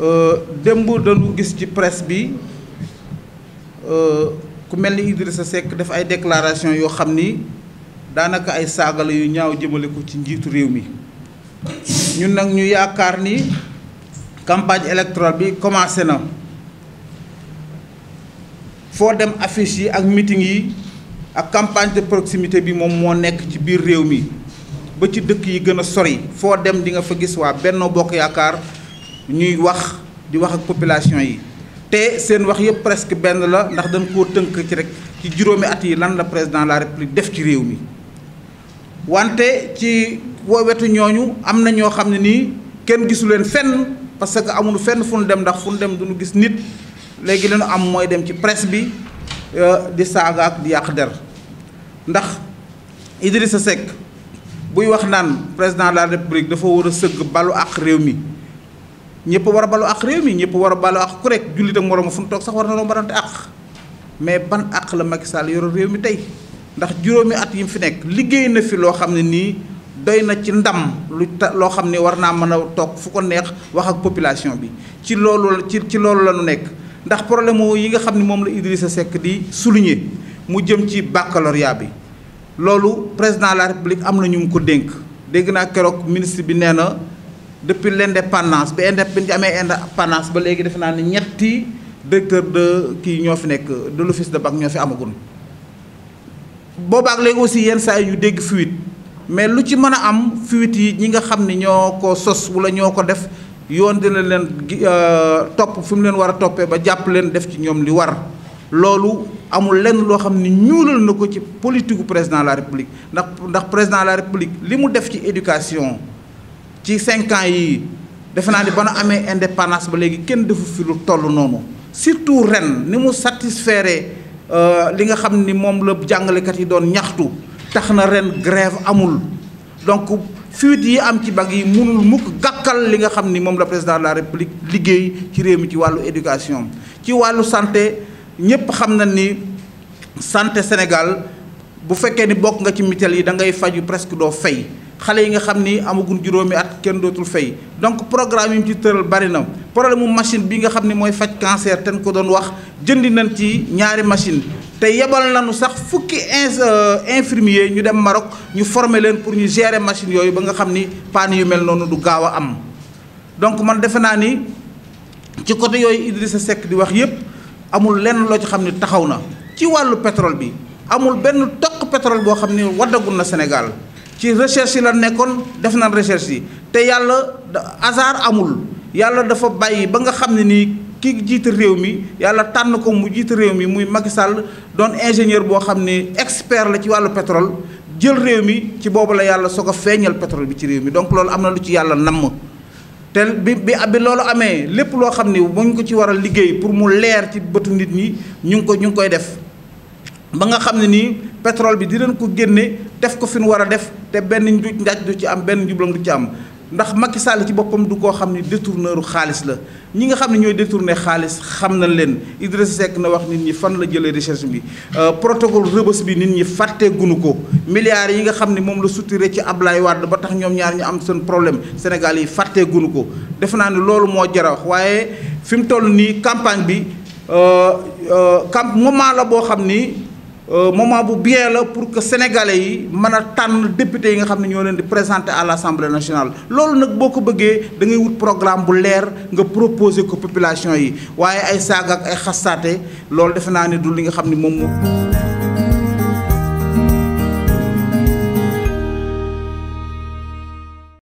Euh, démb dañu gis ci presse bi euh, ku mel ni Idrissa Seck def ay déclaration yoo xam ni daanaka ay saaga yu ñaaw jëmale ko ci njiitu réew mi ñun nag ñu yaakaar ni campagne électorale bi commencé na foo dem affiche yi ak meeting yi ak campagne de proximité bi moom moo nekk ci biir réew mi ba ci dëkk yi gën a sori foo dem di nga fa gis waa Benno Bokk Yaakaar ñuy wax di wax ak population yi te seen wax yëpp presque benn la ndax dañ koo tënk ci rek ci juróomi at yi lan la président la république def ci réew mi wante ci wetu ñooñu am na ñoo xam ne nii kenn gisu leen fenn parce que amul fenn fu nu dem ndax fu nu dem duñu gis nit léegi lañu am mooy dem ci presse bi euh, di saaga ak di yàq der ndax Idrissa Seck buy wax naan président de la république dafa war a sëgg balu ak réew mi ñëpp war a balu ak réew mi ñëpp war a balu ak ku rek jullit ak moroom fu mu toog sax war na loo barante mais ban ak la Macky Sall yoro réew mi tey ndax juróomi at yi mu fi nekk liggéey na fi loo xam ne nii doy na ci ndam lu ta loo xam ne war naa mën a toog fu neex wax population bi ci loolu ci ci loolu la nu nekk ndax problème yi nga xam ni moom la Idrissa Seck di souligner mu jëm ci baccalauréat bi loolu président la république am na ñu mu ko dénk dégg naa keroog ministre bi nee na. depuis l'indépendance bi indép bi ñu amee indépendance ba léegi defe naa ne ñetti decteur de kii ñoo fi nekk de l'office de bac ñoo fi amagun boobaak léegi aussi yenn saa yu dégg fuite mais lu ci mën a am fuite yi ñi nga xam ni ñoo ko sos wala ñoo ko def yoon dina leen gi euh, topp fi mu leen war a toppee ba jàpp leen def ci ñoom li war loolu amul lenn loo xam ne ñuulal na ko ci politique gu président la république ndax ndax président la république li mu def ci éducation ci cinq yi defe naa ni ba nu amee indépendance ba léegi kenn defu fi toll noonu surtout ren ni mu satisfaire euh, li nga xam ni moom la jàngalekat yi doon ñaxtu tax na ren grève amul donc fuite yi am ci bag yi mënul mukk gàkkal li nga xam ni moom la président de la république liggéey ci réew mi ci wàllu éducation ci wàllu santé ñépp xam na ni santé Sénégal bu fekkee ni bokk nga ci mutuelle yi da ngay faju presque doo fay xale yi nga xam ni amagun juróomi at kenn dootul fay donc programme yi mu ci tëral bari na problème mu machine bi nga xam ni mooy faj cancer ten ko doon wax jëndi nañ ci ñaari machine te yebal nañu sax fukki in euh, infirmier ñu dem Maroc ñu former leen pour ñu gere machine yooyu ba nga xam ni panne yu mel noonu du gaaw a am donc man defe naa ni ci côté yooyu sa Seck di wax yépp amul lenn loo ci xam ni taxaw na ci wàllu pétrole bi amul benn toq pétrole boo xam ni waddagul na Sénégal ci recherche yi la nekkoon def na recherche yi te yàlla hasard amul yàlla dafa bàyyi ba nga xam ne nii ki jiite réew mi yàlla tànn ko mu jiite réew mi muy Macky Sall doon ingénieur boo xam ne expert la ci wàllu pétrole jël réew mi ci boobu la yàlla soog a feeñal pétrole bi ci réew mi donc loolu am na lu ci yàlla namm te bi bi bi loolu amee lépp loo xam ne mu ngi ko ci war a liggéey pour mu leer ci bëtu nit ñi ñu ngi ko ñu ngi koy def ba nga xam ne nii pétrole bi dinañ ko génne def ko fi nu war a def te benn njuuj njaaj du ci am benn njublam du ci am ndax Macky Sall ci boppam du koo xam ne détourneuru xaalis la ñi nga xam ne ñooy détourné xaalis xam nañ leen Idrissa Seck na wax nit ñi fan la jëlee recherche bi euh, protocole Rebeuss bi nit ñi fàtte gunu ko milliards yi nga xam ne moom la suturé ci Ablaye Wade ba tax ñoom ñaar ñu am seen problème Sénégal yi fàtte gunu ko defe naa ne loolu moo jara wax waaye fi mu toll nii campagne bi euh, euh, camp moment la boo xam ni Euh, moment bu bien la pour que sénégalais yi mën a tànn député yi nga xam ne ñoo leen di présenter à l' assemblée nationale loolu nag boo ko bëggee da ngay wut programme bu leer nga proposer ko population yi waaye ay saaga ak ay xastaate loolu defe naa ne du li nga xam ne moom moom